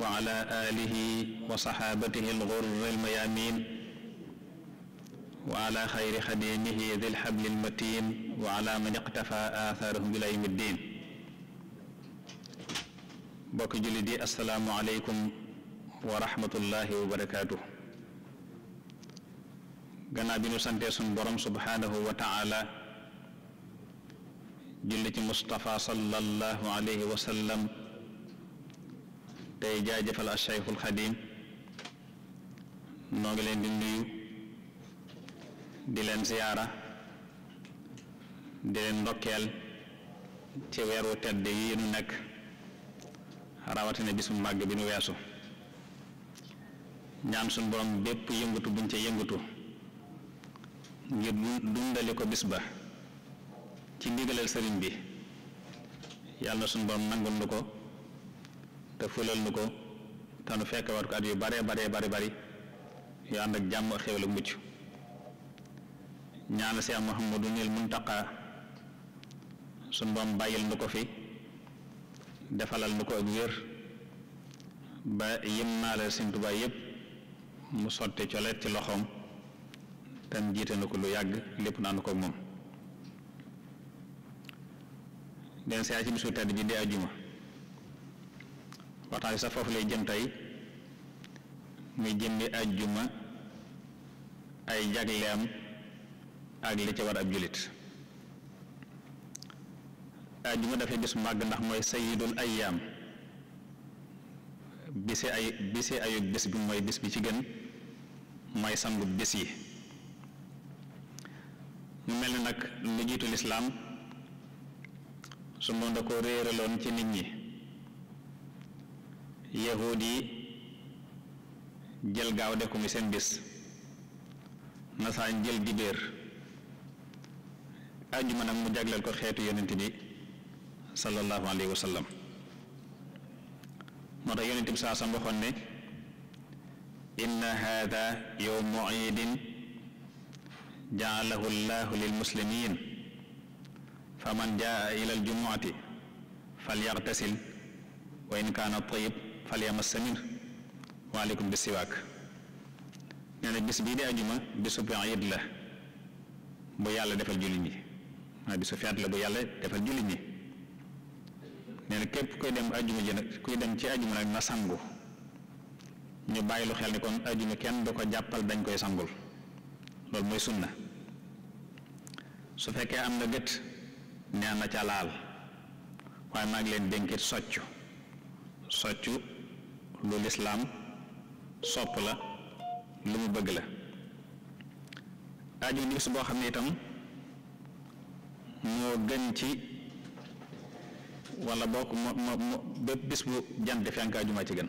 wa ala alihi wa saxaabatihi alxurr almayamin wa ala xayri xadimihi dil xabli almatin wa ala man iqtafa aathaarahum ila yawmi ddin bokk julli di asalaamu aleykum wa rahmatullahi wa barakaatuh gannaaw bi ñu santee sun borom subhaanahu wa taala julli ci Mustafa sallallahu alayhi wa sallam tey jaajëfal a Cheikhul Xadim noo ngi leen di nuyu di leen siyaara di leen ndokkeel ci weeru tedd yi nu nekk rawatina bisu màgg bi nu weesu ñaan suñ borom bépp yëngatu buñ ca yëngatu ngir dundali ko bis ba ci ndigalal sëriñ bi yàlla na suñ borom nangul nu ko te fulal nu ko te nu fekk wat ko at yu bare bare bari bari yu ànd ak jàmm xéwal ak mucc ñaanal Seex Muhammadu nil Muntaqa suñ boom bàyyil nu ko fi defalal nu ko ak wér ba yim naa la Sëñ Tuubaa yépp mu sotti colet ci loxoom tam jiite na ko lu yàgg lépp naa nu ko moom den si ci bisu tedd bi di ajuma waxtaan sax foofu lay jëm tey muy jëmmi ajjuma ay jagleem ak li ci war ab jullit ajjuma dafay bis màgg ndax mooy sayidul ayyaam bisi ay bisi ayub bis bi mooy bis bi ci gën mooy sangu bis yi mu mel ni nag lu jiitu lislaam su moom da ko réeraloon ci nit ñi yahuud yi jël gaaw dekku mi seen bis nasaan jël dibéer àjjuma nag mu jagleel ko xeetu yonent bi sallallahu alayhi wa sallam moo tax yonent bi saa sam waxoon ne inna haada yowmu iidin jaalahu llahu lil muslimin fa man jaa ila aljumuati falyartasil wa in kaana tayib falyamassa min waaleykum bi siwaak nee na bis bii di ajuma bisu iid la bu yàlla defal jullit ñi waaye bisu feet la bu yàlla defal jullit ñi nee na képp kuy dem ajuma ji nag kuy dem ci ajuma nag na sangu ñu bàyyi lu xel ni kon ajuma kenn du ko jàppal dañ koy sangul loolu mooy sunna su fekkee am na gët nee na ca laal waaye maa ngi leen dénkit soccu soccu lu lislaam sopp la lu mu bëgg la ajuma di bis boo xam ne itam moo gën ci wala bokk moo moo bépp bis bu jant di fenk ajuma ci gën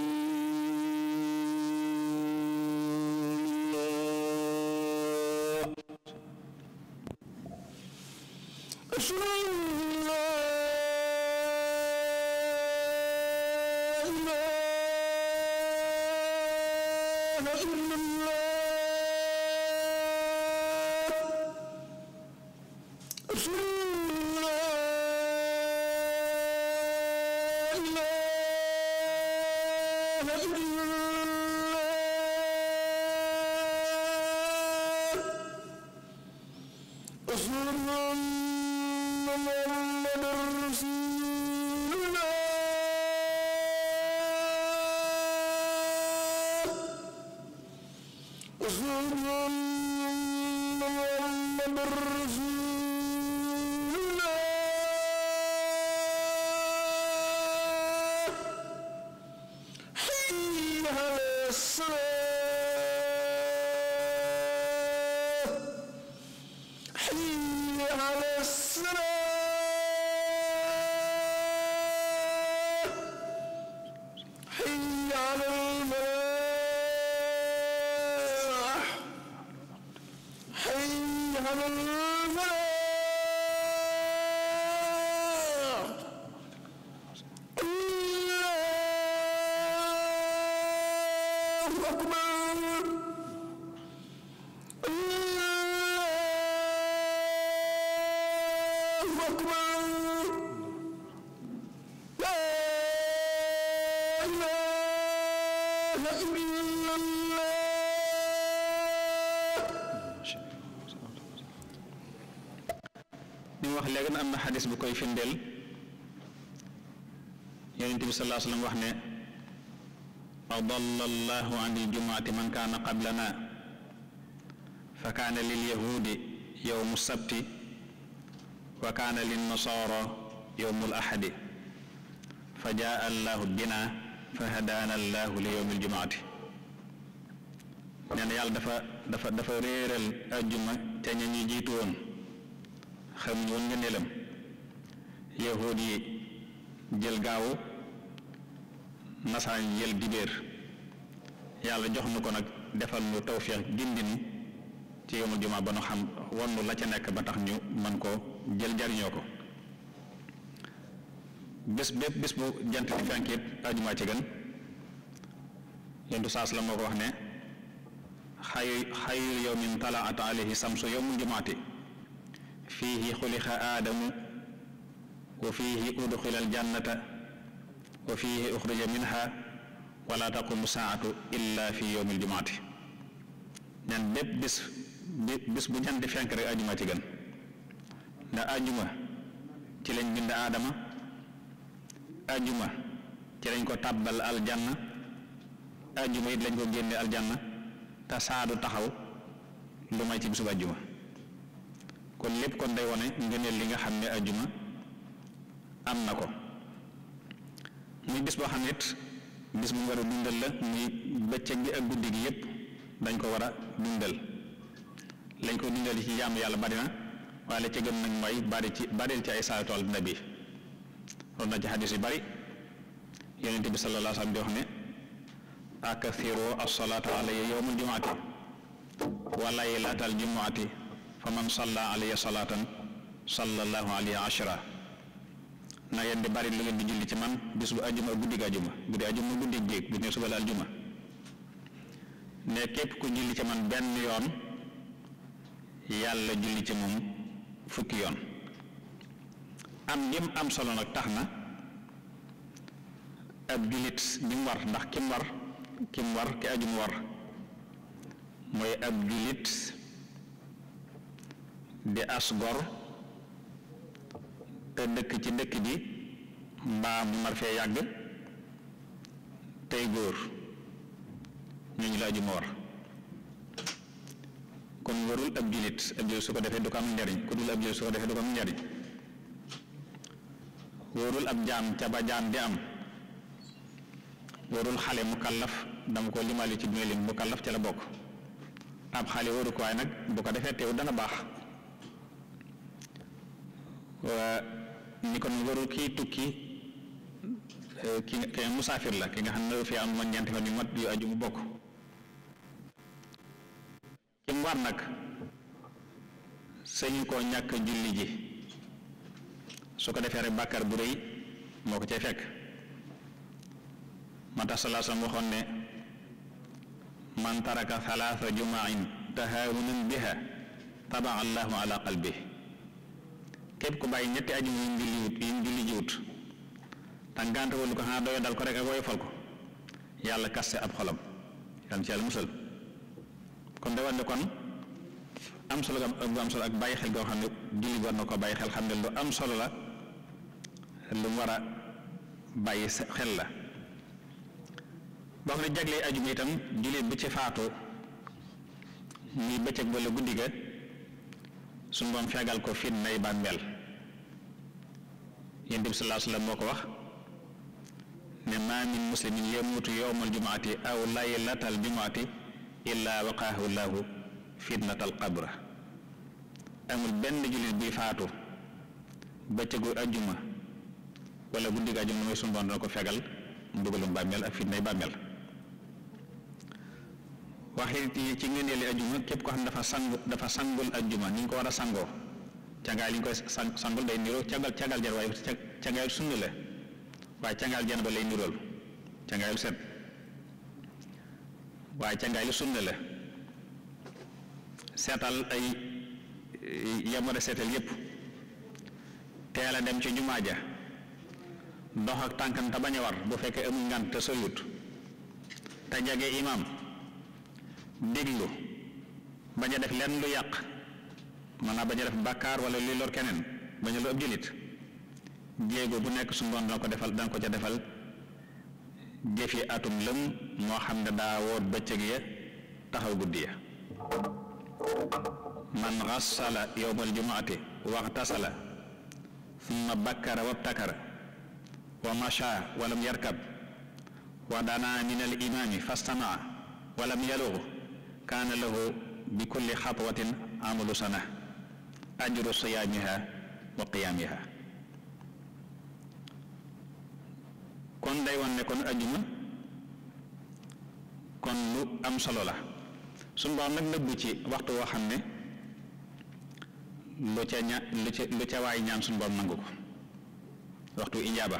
الصلاة حي على الصلاة am na xadis bu koy firndeel yonente bi salaa sallam wax ne adalla allahu an iljumaati man kaana qablana fa kaana lilyahudi yowmu sabti wa kaana linnasaara yowmu lahadi fa jaa allahu bina fa hadaana allahu li yowmi iljumaati nee na yàlla dafa dafa dafa réeral ajjuma te ña ñu jiitu woon xam ñu woon nga nelam yahuud yi jël gaawu nasaan jël dibéer yàlla jox nu ko nag defal nu tawféex gindinu ci yomul jumaa ba nu xam wannu la ca nekk ba tax ñu mën ko jël jariñoo ko bés bépp bés bu jant di fenkiit ajumaa ci gën yentu saas la moo ko wax ne xayu xayul yawmin talaat samsu yawmul jumaati fiihi xuliqa aadamu wa fiihi udxila aljannata wa fiihi uxrija minha wala taqumu saatu illa fi yowmi aljumaati ñan bépp bis bis bu jant ci ndax ajuma ci lañ bind aadama ajuma ci lañ ko tàbbal aljanna ajuma it lañ ko génne aljanna te saadu taxaw lu may ci bisub ajuma kon lépp kon day wone ngëneel li nga xam ne ajuma am na ko muy bis boo xam bis mu war a dundal la muy bëccëg gi ak guddi gi yépp dañ ko war a dundal lañ ko dundal ci jaamu yàlla bari na waaye la ca gën nag mooy bari ci ay salaatu ala nabi loolu na ci xadis yu bari yonente bi sallallahu alayhi wasallam di jumaati wa laylatal jumaati fa man salla alayya salaatan sallallahu alayhi ashra na ngeen di bari lu ngeen di julli ci man bis bu ajuma guddi gi ajuma bu dee ajuma guddi jéeg bu dee suba la aljuma ne képp ku julli ci man benn yoon yàlla julli ci moom fukki yoon am gim am solo nag tax na ab jullit bi mu war ndax kim war kim war ki ajum war mooy ab jullit di as te dëkk ci dëkk bi mbaa mu mar fee yàgg tey góor ñooñu la aju ma war kon warul ab jullit ab jullit su ko defee du ko am njariñ ku dul ab jullit su ko defee du ko am njariñ warul ab jaam ca ba jaam di am warul xale mu kallaf dama ko limaale ci dune mu kallaf ca la bokk ab xale waru nag bu ko defee teew dana baax ni ko eh, ne warul kii tukki ki ki musaafir la ki nga xam ne fi am ma ñeenti fan yu mat yu aju mu bokk ki mu war nag sañu koo ñàkk julli ji su ko defee rek bàkkaar bu rëy moo ko cay fekk moo tax salaa sallam waxoon ne man taraka salaasa jumaain tahawunan biha taba allahu ala qalbi képp ko bàyyi ñetti ajuma yu julli wut yu julli jiwut te ngànt woon ko xanaa doyo dal ko rek ak woyofal ko yàlla kaste ab xolam yàlla ci yàlla musal kon da ne kon am solo gu am solo xam ne julli war na ko bàyyi xel xam am solo la lu mu war a bàyyi xel la boo xam ne jaglee ajuma itam jullit bi ci faatoo muy bëccëg walla guddi ga suñu boom fegal ko fit nay bàmmeel yonent bi sallallahu alayhi wasallam moo ko wax ne maa min muslimin yamuutu yawmal jumaati aw laylatal jumaati illaa waqaahu llaahu fitnatal qabra amul benn jullit buy faatu bëccëgu ajjuma wala guddi ajjuma lu mooy sunu Boroom dana ko fegal mbugalum bàmmeel ak fitnay bàmmeel wax it ci ngëneeli ajjuma képp ko xam dafa sangul ajjuma ni ñu ko war a sangoo cangaay li ñu koy sangul day niroo cangal cangal jan waaye cangaayul sunna la waaye cangaayul jan ba lay nirool cangaayul set waaye cangaay la seetal ay eh, yam war a seetal yépp teel dem ci jumaa ja dox ak tànkam te bañ a war bu fekkee amul ngant te soyut te jege imam déglu bañ a def lenn lu yàq mën naa bañ a def bàkkaar wala luy lor keneen bañ a lu ëpp jullit jéego bu nekk suñu borom dana ko defal dana ko ca defal jëfi atum lëm moo xam ne daa woor bëccëg ya taxaw guddi ya man xasala yowmal jumaati waxtasala summa bakkara wabtakara wa masha walam yarkab wa dana min al imaami fastamaa walam yalugu kaana lahu bi kulli xatwatin amalu sana ajru siyaamiha wa qiyaamiha kon day won ne kon ajuma kon lu am solo la suñu borom nag nëbbu ci waxtu woo xam ne lu ca ña lu ca lu ca waay ñaan suñu borom nangu ko waxtu injaaba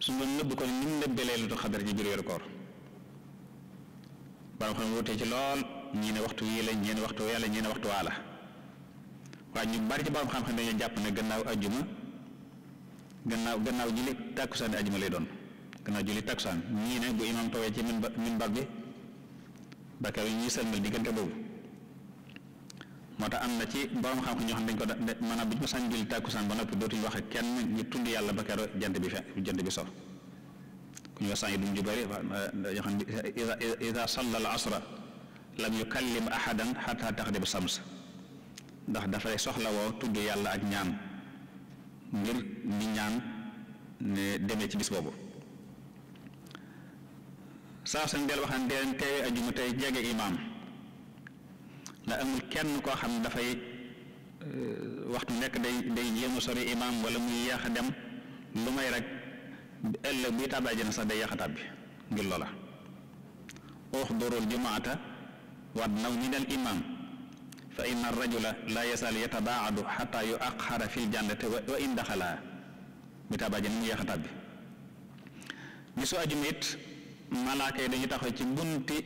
suñu borom nëbbu ko ni mu nëbbalee lu xadar ci biir weeru koor borom xam ne wutee ci lool ñii ne waxtu yii lañ ñii waxtu wee la ñii ne waa la waaye ñu bari ci borom xam-xam dañoo jàpp ne gannaaw ajjuma gannaaw gannaaw julli tàkkusaan ajjuma lay doon gannaaw julli tàkkusaan ñii ne bu imaam tawee ci minbar bi ba kaw ñii sëlmal diggante boobu moo tax am na ci borom xam-xam ñoo xam dañ ko maanaam bu ñu ko sañ julli tàkkusaan ba noppi dootuñu wax kenn ñu tudd yàlla ba jant bi fe jant bi so ku ñu wax yi duñ ju bare yoo xam ne isa salla al lam yu kallim ahadan xataa bu sams ndax dafay soxlawoo tudd yàlla ak ñaan ngir ni ñaan ne demee ci bis boobu saa sañ del waxaan tey ajuma tey jege imaam la amul kenn koo xam ne dafay euh, waxtu nekk day day jéem a sori imaam wala muy yéex a dem lu may rek ëllëg buy tàbbi ajana sax day yéex tàbbi ngir loola uxdurul jumaata والنون الإمام فإن الرجل لا يزال يتباعد حتى يؤخر في الجنة وإن دخلها بتابع جنة يخطب bisu ajuma it malaaka yi dañuy taxaw ci bunti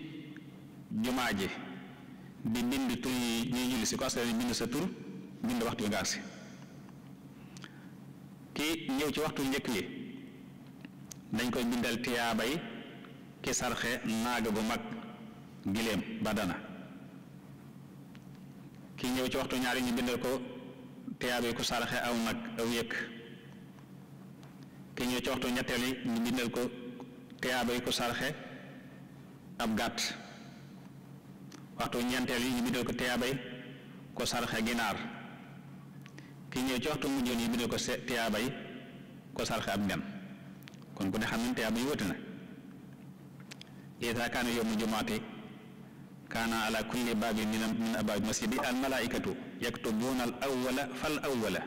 jumaa ji di bind tur yi ñuy julli si ko askan bind sa tur bind waxtu yu nga agsi ki ñëw ci waxtu njëkk yi dañ koy bindal tiyaabay ki sarxe naaga bu mag giléem badana ki ñëw ci waxtu ñaari ñu bindal ko tiyaabe ku saraxe aw nag aw yëkk ki ñëw ci waxtu ñetteel yi ñu bindal ko tiyaabe ku gàtt waxtu ñeenteel yi ñu bindal ko tiyaabe ku saraxe ginaar kii ñëw ci waxtu mujjoon yi bindal ko tiyaabay ku saraxe ab nen kon ku ne xam ne tiyaaba yi wute na lii daa kaanu yawmu jumaati kaana ala kulli baabi min abaabi masjidi al malaaikatu yaktubuuna al awwala fal awwala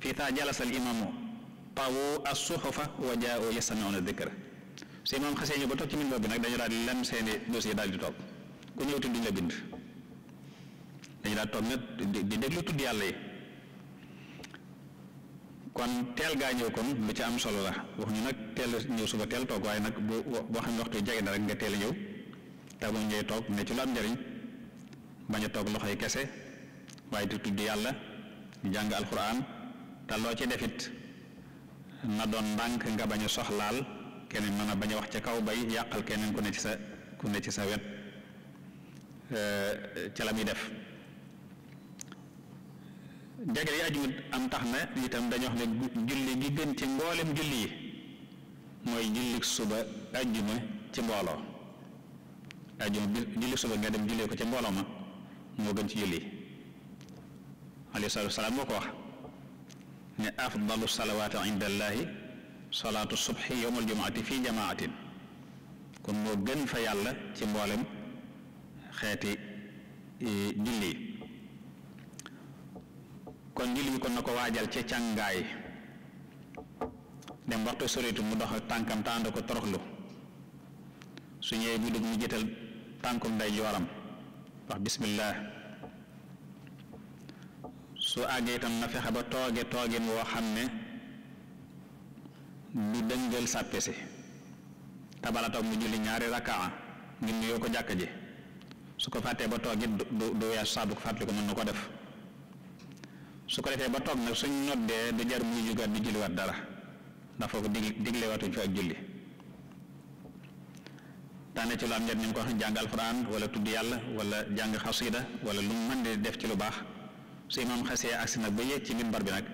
fi taa jalasa al imaamu tawu as suxufa wa jaa'u yastami'uuna dikra su imaam xasee ñu ba toog ci minbar bi nag dañu daal di lem seeni dossier daal di toog ku ñëwti duñ la bind dañu daal toog nag di déglu tudd yàlla yi kon teel gaa ñëw kon lu ci am solo la wax ñu nag teel ñëw suba teel toog waaye nag bu boo xam ne waxtu jege na rek nga teel ñëw tagu ngay toog ne ci lu am njariñ bañ a toog loxoy kese waaye di tudd yàlla jàng alxuraan te loo ci defit na doon ndànk nga bañ a soxlaal keneen mën a bañ a wax ca kaw bay yàqal keneen ku ne ci sa ku ne ci sa wet ca la muy def jagle yi aju am tax na itam dañu wax ne julli gi gën ci mboolem julli yi mooy julli suba ajjuma ci mbooloo ajuma julli suba nga dem jullee ko ca mbooloo ma moo gën ci julli alayhi salaatu wasalaam moo ko wax ne afdalu salawaati inda salaatu subhi yowmal jumaati fii jamaatin kon moo gën fa yàlla ci mboolem xeeti e, julli kon julli bi kon na ko waajal ca càngaay dem waxtu soritu mu dox tànkam tànd ko toroxlu su ñëwee mu dugg mu jëtal tànkum nday jooram wax bismillah su àggee itam na fexe ba tooge toogin woo xam ne du dëngal sàppe si tabala toog mu julli ñaari rakaa ngir nuyoo ko jàkk ji su ko fàttee ba toog it du du weesu saa bu ko ko mën na ko def su ko defee ba toog nag suñ noddee du jar muy jugaat di julliwaat dara ndax foofu dig digle waatuñ fi ak julli tànne ci lu am njariñ ni mu ko waxee jàng alxuraan wala tudd yàlla wala jàng xasida wala lu mu mën di def ci lu baax su imaam xasee agsi nag ba yéeg ci minbar bi nag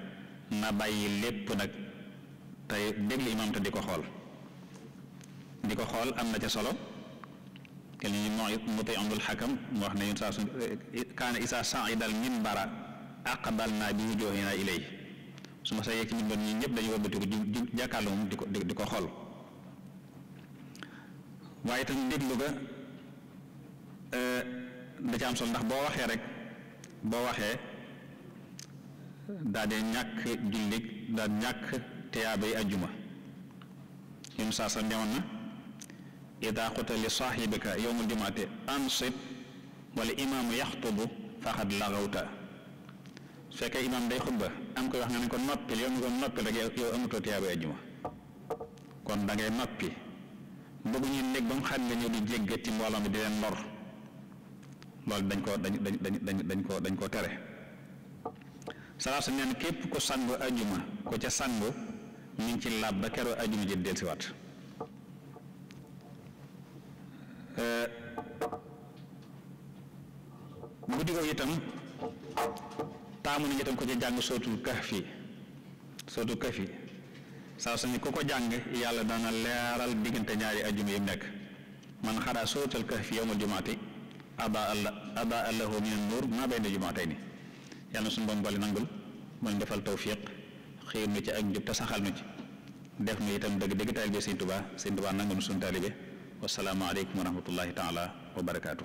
na bàyyi lépp nag tey déglu imaam te di ko xool di ko xool am na ca solo te li ñuy mu tey amul xakam mu wax ne saa su kaana isaa saidal minbara aqbal naa bi wujuuhinaa ilay su ma sa yéeg ci minbar ñi ñëpp dañu wëlbatiku jàkkaarloo moom di ko di ko xool waaye itam déglu ga eh, da ca am solo ndax boo waxee rek boo waxee daa dee ñàkk jullit daa ñàkk tiyaabay ajjuma ñun saa sa newoon na ida xuta li saaxibika yowmul jumaate ansit wala imaamu yaxtubu faxad laxawta su fekkee imaam day xutba am koy wax nga ne ko noppil yow mi ko noppil rek yow amatoo tiyaabay ajjuma kon da noppi bëgg ñu nekk ba mu xam nga ñëw di jéggati mbooloo mi di leen lor loolu dañ ko dañ dañ dañ dañ ko dañ ko tere salaam sa neen képp ko sangu ajuma ko ca sangu ñu ngi ci laab ba keroo ajuma ji delsiwaat guddi ko itam taamu nañu itam ko ca jàng sootul kahfi sootul kahfi saa suñu ne ku ko jàng yàlla dana leeral diggante ñaari ajjuma yi nekk man xaraa sootal kahfi yawmal jumaati aba alla aba allahu min nuur maa bayna jumaatayni yàlla na suñu boom boole nangul mooy defal tawfiq xiir nu ci ak njub te saxal nu ci def nu itam dëgg dëgg taalibe Sëñ Tuubaa Sëñ Tuubaa nangul suñu taalibe wasalaamu aleykum wa rahmatullahi taala wa barakaatu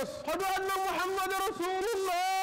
أشهد أن محمد رسول الله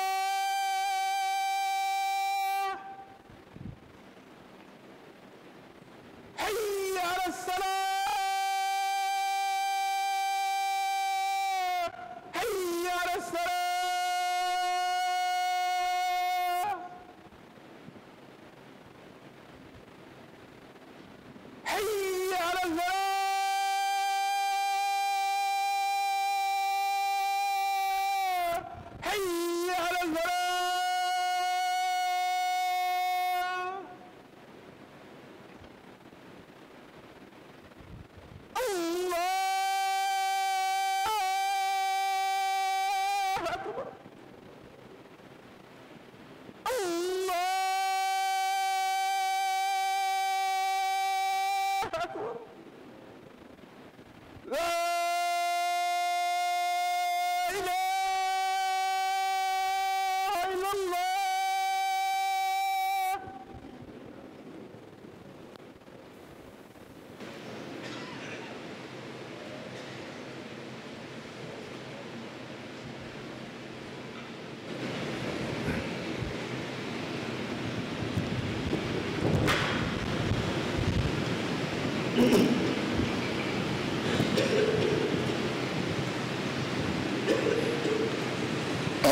الله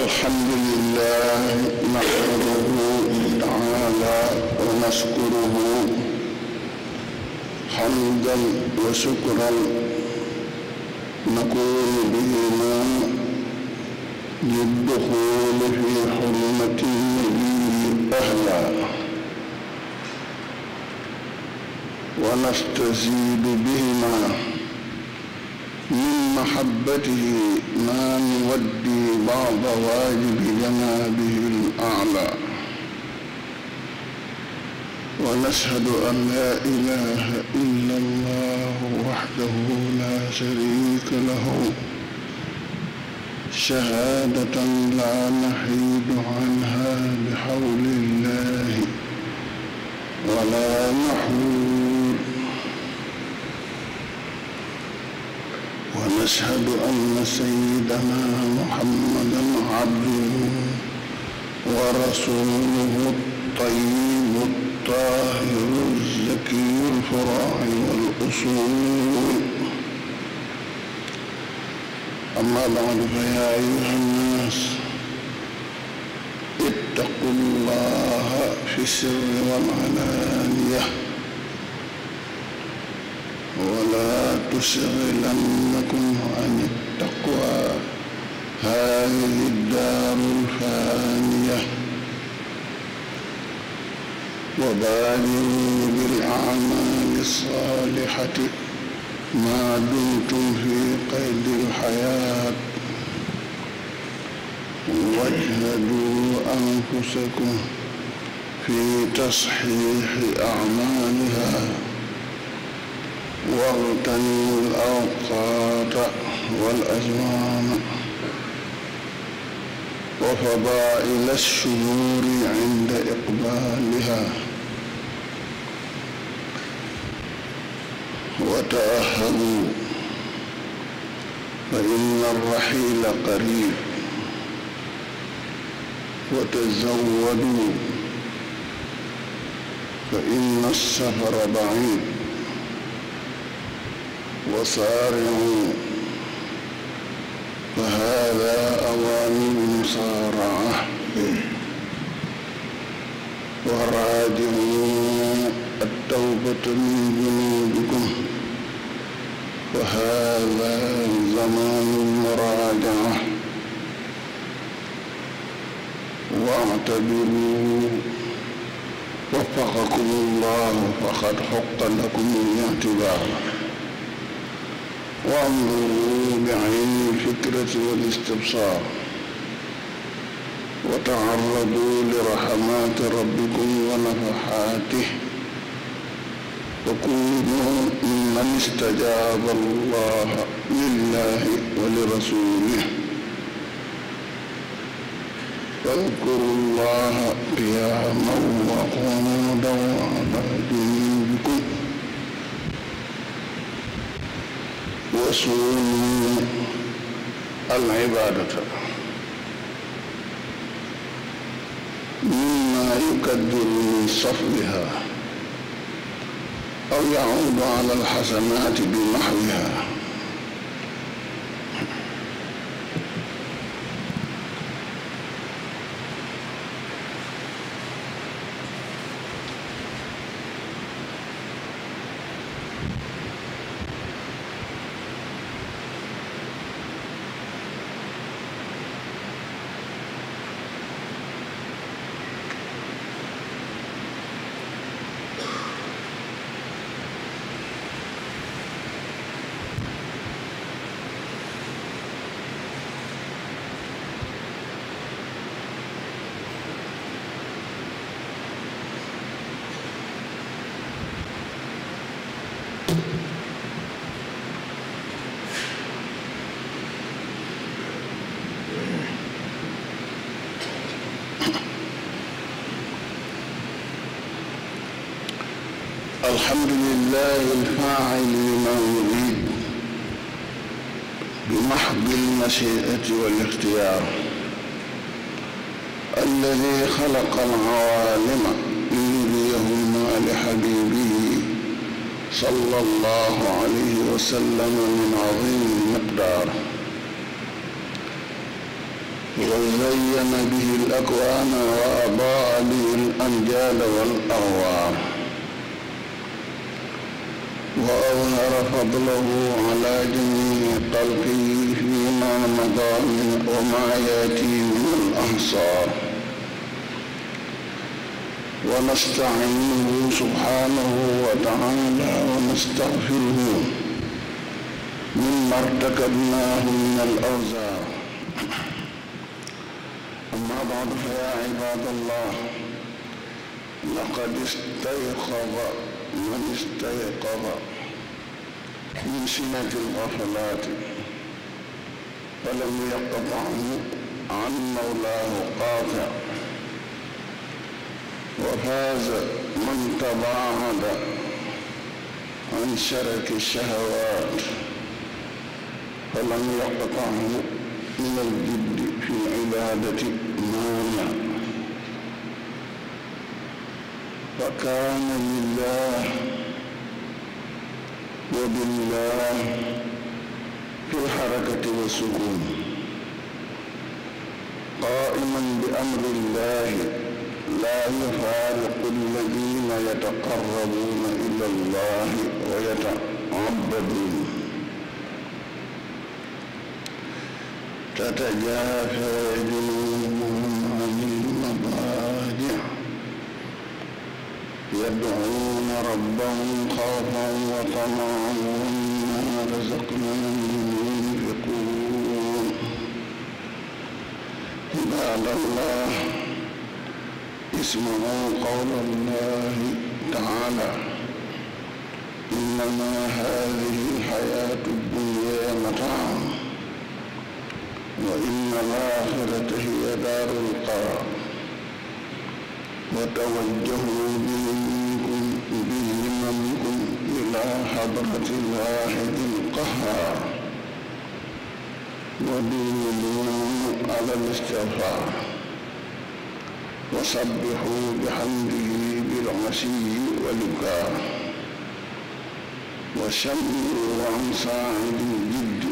الحمد لله لله نحمده تعالى ونشكره حمدا وشكرا نكون بهما للدخول في حرمة النبي أهلا ونستزيد بهما من محبته ما نودي بعض واجب جنابه الأعلى ونشهد أن لا إله إلا الله وحده لا شريك له شهادة لا نحيد عنها بحول الله ولا نحول ونشهد أن سيدنا محمدا عبده ورسوله الطيب الطاهر الزكي الفراع والأصول أما بعد فيا أيها الناس اتقوا الله في السر والعلانية ولا تشغلنكم عن التقوى هذه الدار الفانية وبادروا بالأعمال الصالحة ما دمتم في قيد الحياة واجهدوا أنفسكم في تصحيح أعمالها واغتنم الأوقات والأزمان وفضائل الشهور عند إقبالها وتأهبوا فإن الرحيل قريب وتزودوا فإن السفر بعيد وسارعوا فهذا أوان المسارعة وراجعوا التوبة من ذنوبكم وهذا زمان المراجعة واعتبروا وفقكم الله فقد حق لكم الاعتبار واعمروا بعين الفكرة والاستبصار وتعرضوا لرحمات ربكم ونفحاته وكونوا ممن استجاب الله لله ولرسوله فاذكروا الله قياما وقعودا وعلى جنوبكم وصومي العبادة مما يكدر من صفدها أو يعود على الحسنات بنحوها الحمد لله الفاعل لما يريد بمحض المشيئة والاختيار الذي خلق العوالم ليريهما لحبيبه صلى الله عليه وسلم من عظيم المقدار وزين به الأكوان وأضاء به الأنجال والأرواح عرف فضله على جميع خلقه فيما مضى من وما ياتي من الأحصار ونستعينه سبحانه وتعالى ونستغفره مما ارتكبناه من الأوزار أما بعد فيا عباد الله لقد استيقظ من استيقظ من سنة الأخلاق فلم يقطع عن مولاه قاطع وفاز من تباعد عن شرك الشهوات فلم يقطعه من الجد في العبادة مانع فكان لله وبالله في الحركة والسكون قائما بأمر الله لا يفارق الذين يتقربون إلى الله ويتعبدون تتجافى جنوب يدعون ربهم خوفا وطمعا مما رزقناهم ينفقون عباد الله اسمه قول الله تعالى إنما هذه الحياة الدنيا متاع وإن الآخرة هي دار القرار وتوجهوا بهما منكم إلى حضرة الواحد القهار ودينوا على الاستغفار وسبحوا بحمده بالعشي والإبكار وشمروا عن صاعد الجد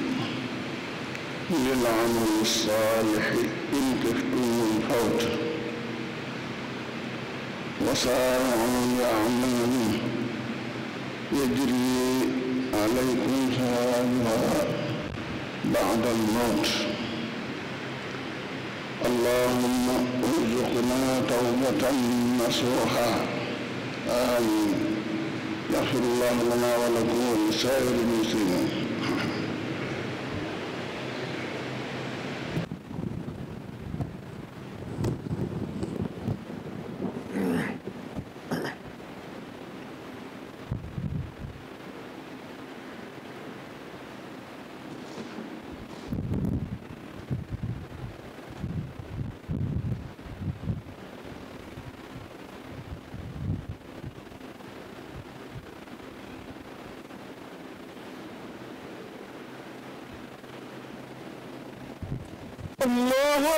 للعمل الصالح إن خفتم الفوت وصارعوا لأعمال يجري عليكم ثوابها بعد الموت اللهم ارزقنا توبة نصوحا آمين يغفر الله لنا ولكم ولسائر المسلمين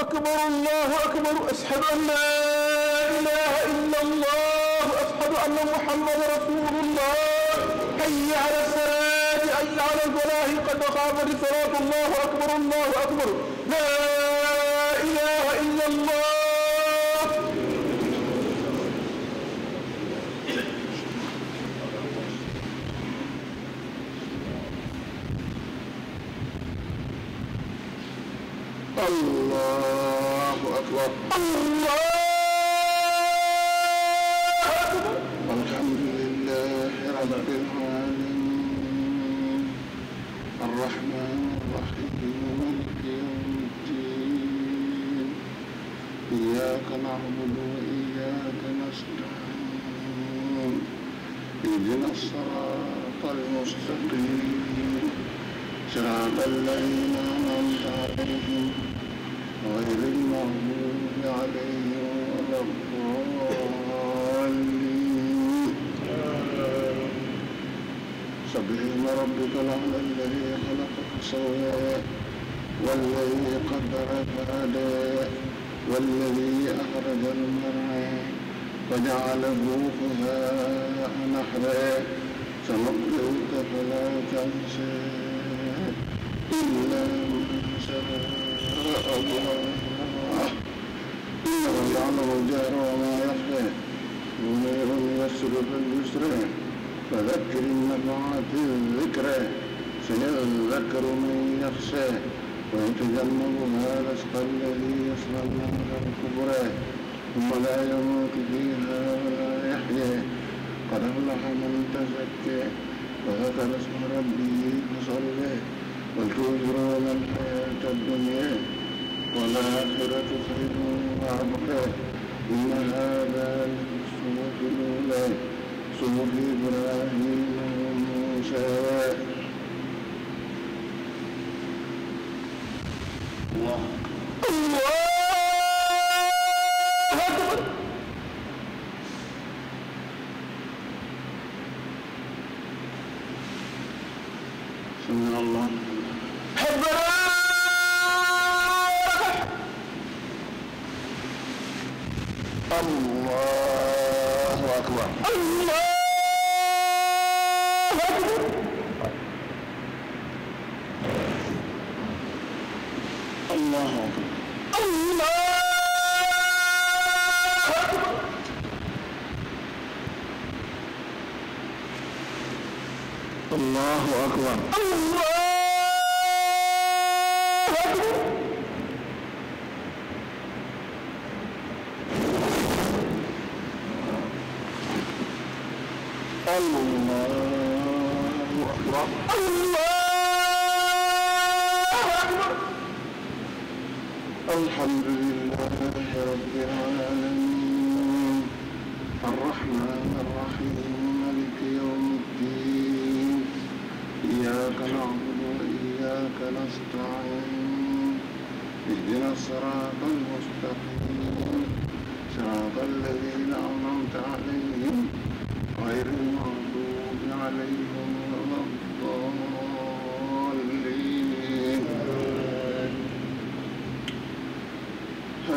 akbar allahu akbar ashhadu an la نعبد وإياك نستعين اهدنا الصراط المستقيم صراط الذين أنعمت عليهم غير المغضوب عليهم ولا الضالين سبح اسم ربك الأعلى الذي خلق فسوى والذي قدر فهدى والذي أخرج المرعى فجعله غثاء نحرا سنقرئك فلا تنسى إلا من شاء الله إنه يعلم الجهر وما يخفى منير يسر باليسر فذكر النفعات الذكرى سيذكر من يخشى ويتجنب الأشقى الذي يصلى النار الكبرى ثم لا يموت فيها ولا يحيا قد أفلح من تزكى وذكر اسم ربه فصلى بل تؤثرون الحياة الدنيا والآخرة خير وأبقى إن هذا للصحف الأولى صحف إبراهيم وموسى Wow.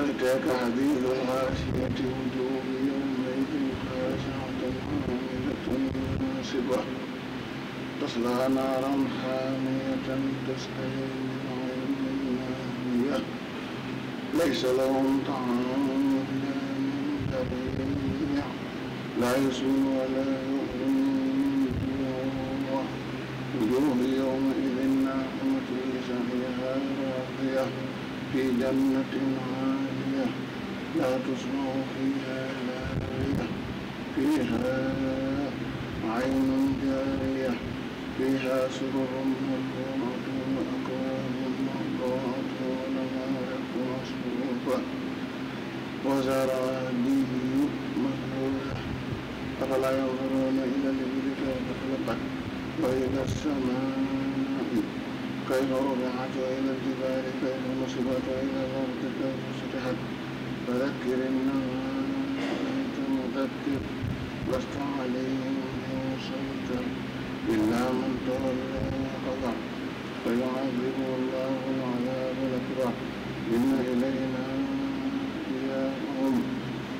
أتاك حديث الغاشية وجوه يومئذ خاشعة عاملة ناصبة تصلى نارا حامية تسقي من عين آنية ليس لهم طعام إلا من ضريع لا يسمن ولا يغني من جوع وجوه يومئذ ناعمة لسعيها راضية في جنة عالية لا تسمع فيها لاغية فيها عين جارية فيها سرر مرفوعة وأكواب مرفوعة ونمارق مصفوفة وزرابي مكنونة أفلا ينظرون إلى الإبل كيف خلقت وإلى السماء كيف رفعت وإلى الجبال كيف نصبت وإلى الأرض كيف فذكر إنما أنت مذكر لست عليهم بمسيطر إلا من تولى وكفر فيعذبه الله العذاب الأكبر إن إلينا إياهم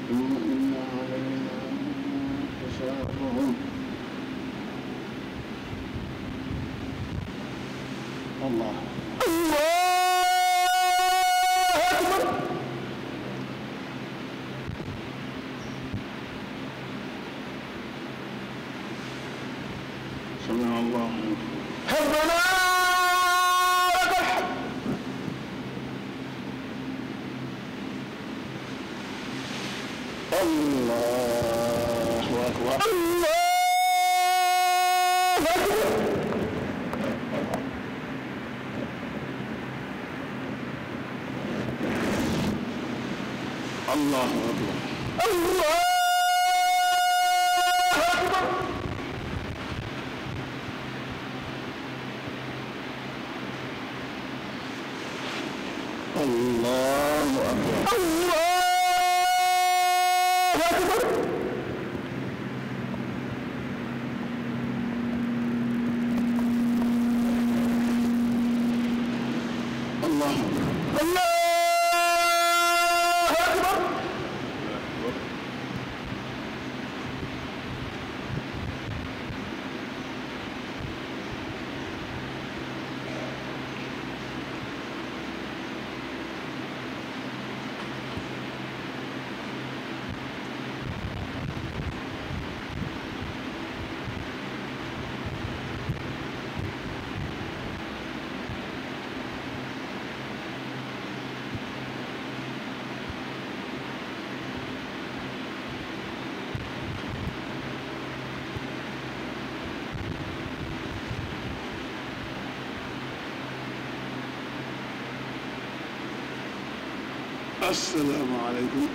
ثم إن علينا حسابهم الله asalaamaaleykum.